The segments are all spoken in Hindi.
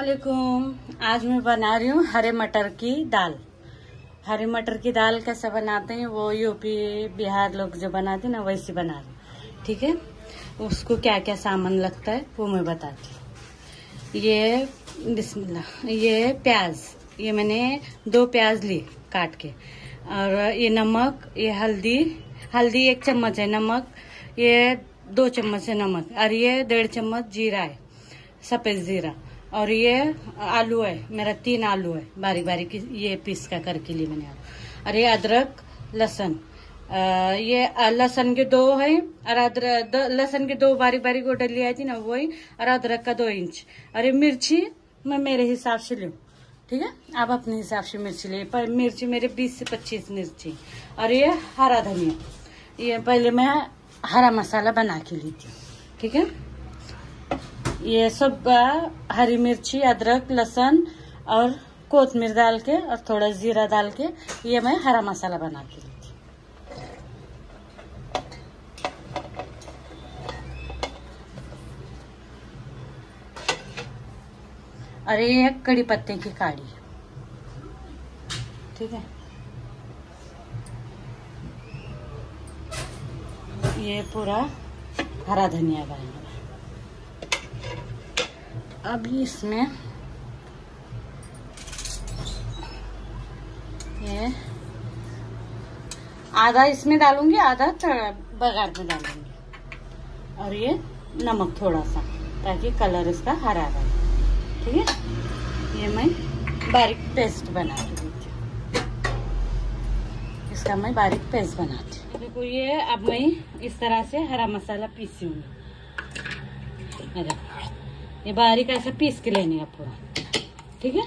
असलकुम आज मैं बना रही हूँ हरे मटर की दाल हरे मटर की दाल कैसे बनाते हैं वो यूपी बिहार लोग जो बनाते हैं ना वैसे बना रही ठीक है उसको क्या क्या सामान लगता है वो मैं बताती हूँ ये बिस्मिल्लाह ये प्याज ये मैंने दो प्याज ली काट के और ये नमक ये हल्दी हल्दी एक चम्मच है नमक ये दो चम्मच है नमक और ये डेढ़ चम्मच जीरा है सफ़ेद ज़ीरा और ये आलू है मेरा तीन आलू है बारीक बारीक ये पीस का करके लिए मैंने और ये अदरक लहसन ये लहसन के दो है और अदरक लहसन के दो बारीक बारीक गोटे लिया थी ना वही और अदरक का दो इंच और ये मिर्ची मैं मेरे हिसाब से लूँ ठीक है आप अपने हिसाब से मिर्ची ले पर मिर्ची मेरे 20 से 25 मिर्ची और ये हरा धनिया ये पहले मैं हरा मसाला बना के ली थी ठीक है ये सब हरी मिर्ची अदरक लहसन और कोतमीर डाल के और थोड़ा जीरा डाल के ये मैं हरा मसाला बना के ली और ये है कड़ी पत्ते की काढ़ी ठीक है ये पूरा हरा धनिया है अभी इसमें ये आधा इसमें डालूंगी आधा बघार में डालूंगी और ये नमक थोड़ा सा ताकि कलर इसका हरा रहे ठीक है ये मैं बारीक पेस्ट बना रही थी इसका मैं बारीक पेस्ट बनाती हूँ देखो ये अब मैं इस तरह से हरा मसाला पीसी हूँ ये बारीक ऐसा पीस के लेने का पूरा ठीक है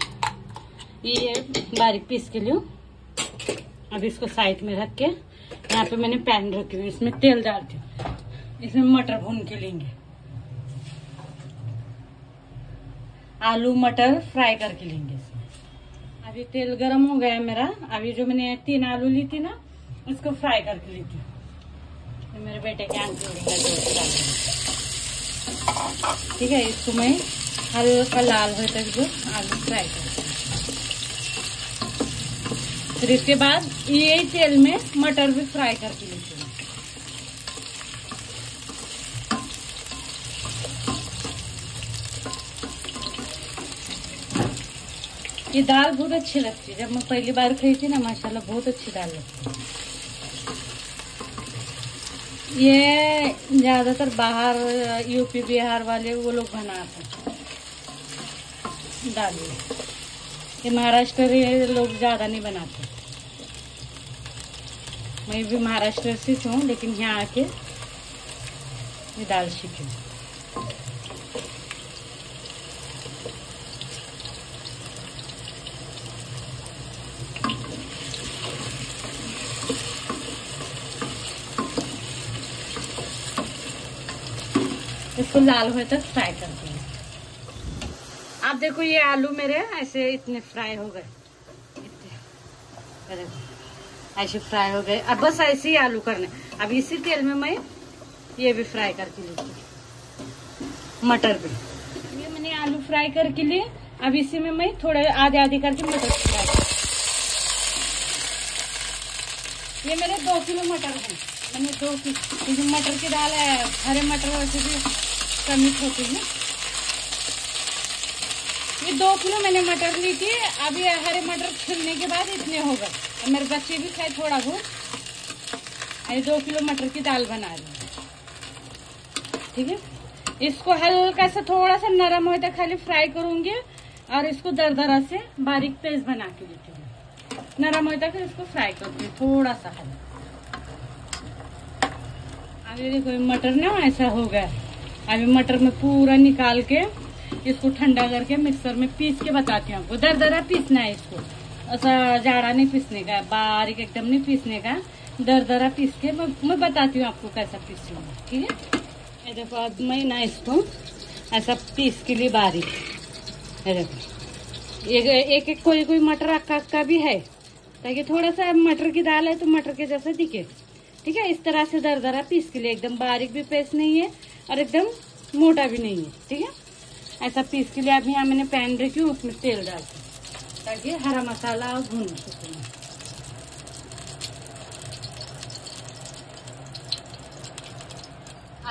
ये बारीक पीस के लियो अब इसको साइड में रख के यहाँ पे मैंने पैन रखी हुई इसमें तेल डालती हूँ इसमें मटर भून के लेंगे आलू मटर फ्राई करके लेंगे इसमें अभी तेल गरम हो गया मेरा अभी जो मैंने तीन आलू ली थी ना उसको फ्राई करके ली थी तो मेरे बेटे के आंटी ठीक है इसको मैं हल्का लाल हो तक जो आलू फ्राई कर फिर इसके बाद ये तेल में मटर भी फ्राई करके लीजिए ये दाल बहुत अच्छी लगती है जब मैं पहली बार खाई थी ना माशाल्लाह बहुत अच्छी दाल लगती है ये ज़्यादातर बाहर यूपी बिहार वाले वो लोग बनाते हैं दाल ये महाराष्ट्र लोग ज़्यादा नहीं बनाते मैं भी महाराष्ट्र से हूँ लेकिन यहाँ आके ये दाल सीखी इसको लाल होए तक फ्राई कर देंगे आप देखो ये आलू मेरे ऐसे इतने फ्राई हो गए ऐसे फ्राई हो गए अब बस ऐसे ही आलू करने अब इसी तेल में मैं ये भी फ्राई करके लेती मटर भी ये मैंने आलू फ्राई करके लिए अब इसी में मैं थोड़ा आधे आधे करके मटर फ्राई ये मेरे दो किलो मटर है मैंने दो किलो मटर की दाल है हरे मटर वैसे भी इसका मिक्स है ये दो किलो मैंने मटर ली थी अब ये हरे मटर छिलने के बाद इतने हो गए और मेरे बच्चे भी खाए थोड़ा बहुत ये दो किलो मटर की दाल बना रही ठीक है इसको हल्का सा थोड़ा सा नरम होता तो खाली फ्राई करूंगी और इसको दरदरा से बारीक पेस्ट बना के लेती हूँ नरम होता तो फिर इसको फ्राई करती हूँ थोड़ा सा हल्का अभी देखो मटर ना ऐसा हो गया अभी मटर में पूरा निकाल के इसको ठंडा करके मिक्सर में पीस के बताती हूँ आपको दर दरा पीसना है इसको ऐसा जाड़ा नहीं पीसने का बारीक एकदम नहीं पीसने का दर दरा पीस के मैं, मैं बताती हूँ आपको कैसा पीस है ठीक है देखो अब मैं ना इसको ऐसा पीस के लिए बारीक देखो एक एक, एक कोई कोई मटर अक्का अक्का भी है ताकि थोड़ा सा मटर की दाल है तो मटर के जैसा दिखे ठीक है इस तरह से दर दरा पीस के लिए एकदम बारीक भी पीस नहीं है और एकदम मोटा भी नहीं है ठीक है ऐसा पीस के लिए अभी यहाँ मैंने पैन रखी हूँ उसमें तेल डाल हूँ ताकि हरा मसाला और भून सकूँ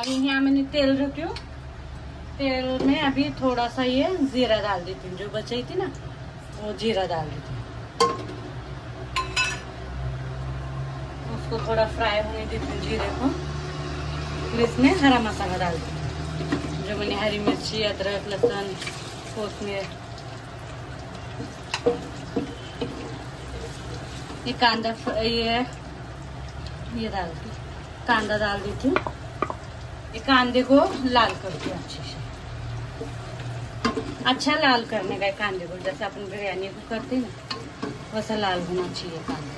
अभी यहाँ मैंने तेल रखी हूँ तेल में अभी थोड़ा सा ये जीरा डाल देती हूँ जो बची थी ना वो जीरा डाल देती हूँ उसको थोड़ा फ्राई होने देती हूँ जीरे को मैं इसमें हरा मसाला डाल दूँ जो मैंने हरी मिर्ची अदरक लहसुन कोसमीर ये कांदा ये ये डाल दी कांदा डाल दी थी ये कांदे को लाल कर दिया अच्छे से अच्छा लाल करने का कांदे को जैसे अपन बिरयानी को करते हैं ना वैसा लाल होना चाहिए कांदे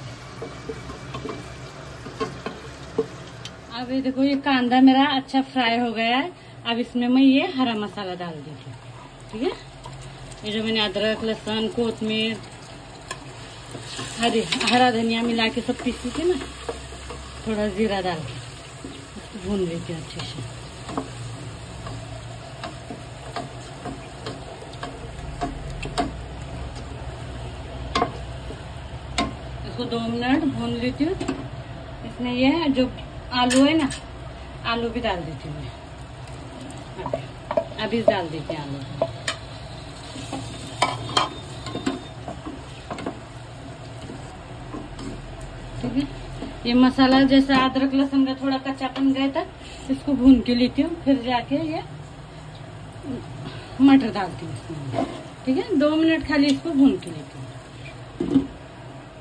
अब ये देखो ये कांदा मेरा अच्छा फ्राई हो गया है अब इसमें मैं ये हरा मसाला डाल दी थी ठीक है ये जो मैंने अदरक लहसुन कोतमीर हरी हरा धनिया मिला के सब पीसी थी ना थोड़ा जीरा डाल के भून लेती हूँ अच्छे से इसको दो मिनट भून लेती हूँ इसमें यह जो आलू है ना आलू भी डाल देती हूँ मैं अभी डाल देती हूँ आलू ठीक है ये मसाला जैसे अदरक लहसुन का थोड़ा कच्चापन गया था इसको भून के लेती हूँ फिर जाके ये मटर डालती हूँ इसमें ठीक है दो मिनट खाली इसको भून के लेती हूँ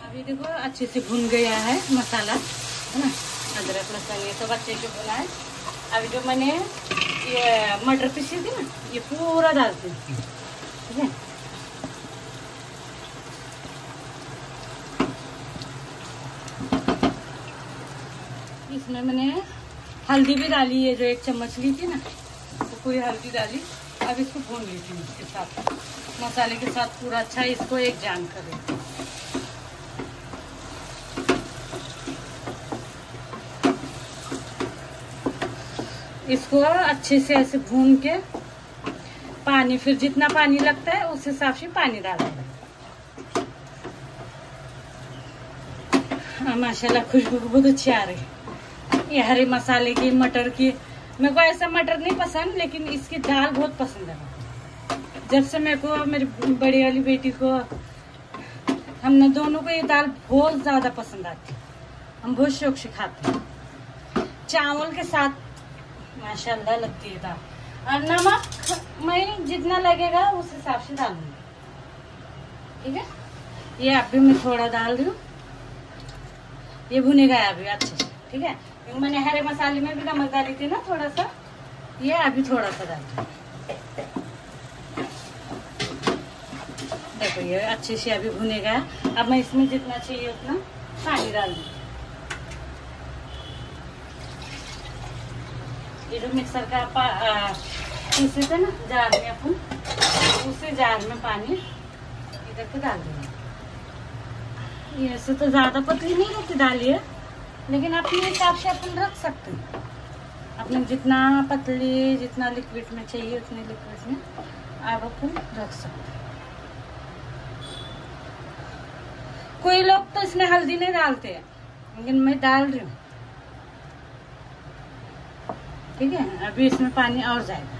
अभी देखो अच्छे से भून गया है मसाला है ना अदरक लहसन ये सब अच्छे से है अभी जो मैंने ये मटर पीसी थी ना ये पूरा डाल दी ठीक है इसमें मैंने हल्दी भी डाली है जो एक चम्मच ली थी ना तो पूरी हल्दी डाली अब इसको भून लीजिए इसके साथ मसाले के साथ पूरा अच्छा इसको एक जान करें इसको अच्छे से ऐसे भून के पानी फिर जितना पानी लगता है उस हिसाब से पानी डालना हाँ, माशाला खुशबू बहुत अच्छी आ रही ये हरे मसाले की मटर की मेरे को ऐसा मटर नहीं पसंद लेकिन इसकी दाल बहुत पसंद है जब से मेरे को मेरी बड़ी वाली बेटी को हमने दोनों को ये दाल बहुत ज़्यादा पसंद आती हम बहुत शौक से खाते चावल के साथ माशाल्लाह लगती है दाल और नमक मैं जितना लगेगा उस हिसाब से डालूंगी ठीक है ये अभी मैं थोड़ा डाल दू हूँ ये भुनेगा अभी अच्छे से ठीक है क्योंकि मैंने हरे मसाले में भी नमक डाली थी ना थोड़ा सा ये अभी थोड़ा सा डाल देखो ये अच्छे से अभी भुनेगा अब मैं इसमें जितना चाहिए उतना पानी डाल दूंगी जो मिक्सर का पीसे थे ना जार में अपन उसी जार में पानी इधर करके डाल देंगे ये ऐसे तो ज़्यादा पतली नहीं रहती डालिए लेकिन अपने हिसाब से अपन रख सकते हैं अपने जितना पतली जितना लिक्विड में चाहिए उतने लिक्विड में आप अपन रख सकते हैं कोई लोग तो इसमें हल्दी नहीं डालते हैं लेकिन मैं डाल रही हूँ ठीक है अभी इसमें पानी और जाएगा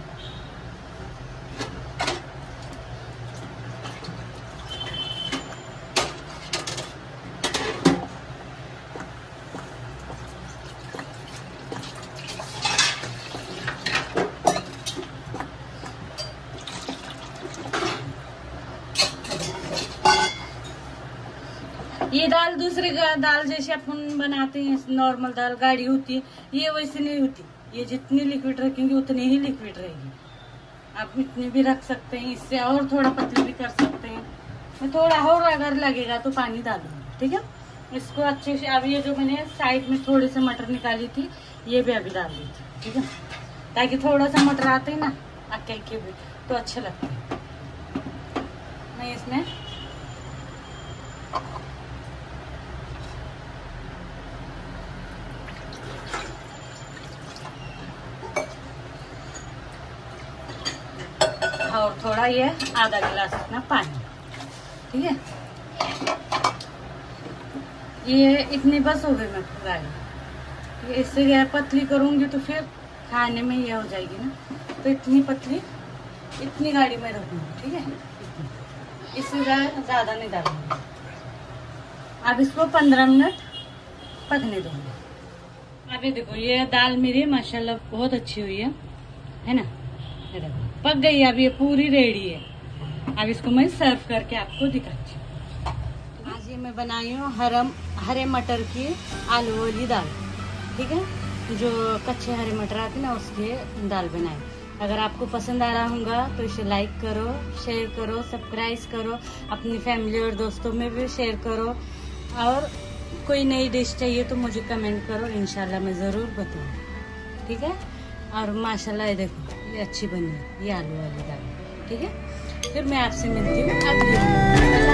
ये दाल दूसरी दाल जैसे अपन बनाते हैं नॉर्मल दाल गाढ़ी होती है ये वैसे नहीं होती ये जितनी लिक्विड रखेंगे उतनी ही लिक्विड रहेगी आप इतनी भी रख सकते हैं इससे और थोड़ा पतली भी कर सकते हैं मैं थोड़ा और अगर लगेगा तो पानी डालूंगा ठीक है इसको अच्छे से अब ये जो मैंने साइड में थोड़ी से मटर निकाली थी ये भी अभी डाल दी थी ठीक है ताकि थोड़ा सा मटर आते ना अके के भी तो अच्छे लगते हैं मैं इसमें और ये आधा गिलास इतना पानी ठीक है ये इतनी बस हो गई मैं गाड़ी इससे गैर पतली करूँगी तो फिर खाने में यह हो जाएगी ना तो इतनी पतली इतनी गाड़ी में रखूँगी ठीक है इससे ज़्यादा नहीं डालूँगी अब इसको पंद्रह मिनट पकने दूँगी अभी देखो ये दाल मेरी माशाल्लाह बहुत अच्छी हुई है है ना देखो पक गई अब ये पूरी रेडी है अब इसको मैं सर्व करके आपको दिखाती हूँ आज ये मैं बनाई हूँ हरम हरे मटर की आलू वाली दाल ठीक है जो कच्चे हरे मटर आते ना उसके दाल बनाए अगर आपको पसंद आ रहा होगा तो इसे लाइक करो शेयर करो सब्सक्राइब करो अपनी फैमिली और दोस्तों में भी शेयर करो और कोई नई डिश चाहिए तो मुझे कमेंट करो इनशाला मैं ज़रूर बताऊँ ठीक है और माशाल्लाह देखो ये अच्छी बनी है ये आलू वाली दाल ठीक है फिर मैं आपसे मिलती हूँ अगली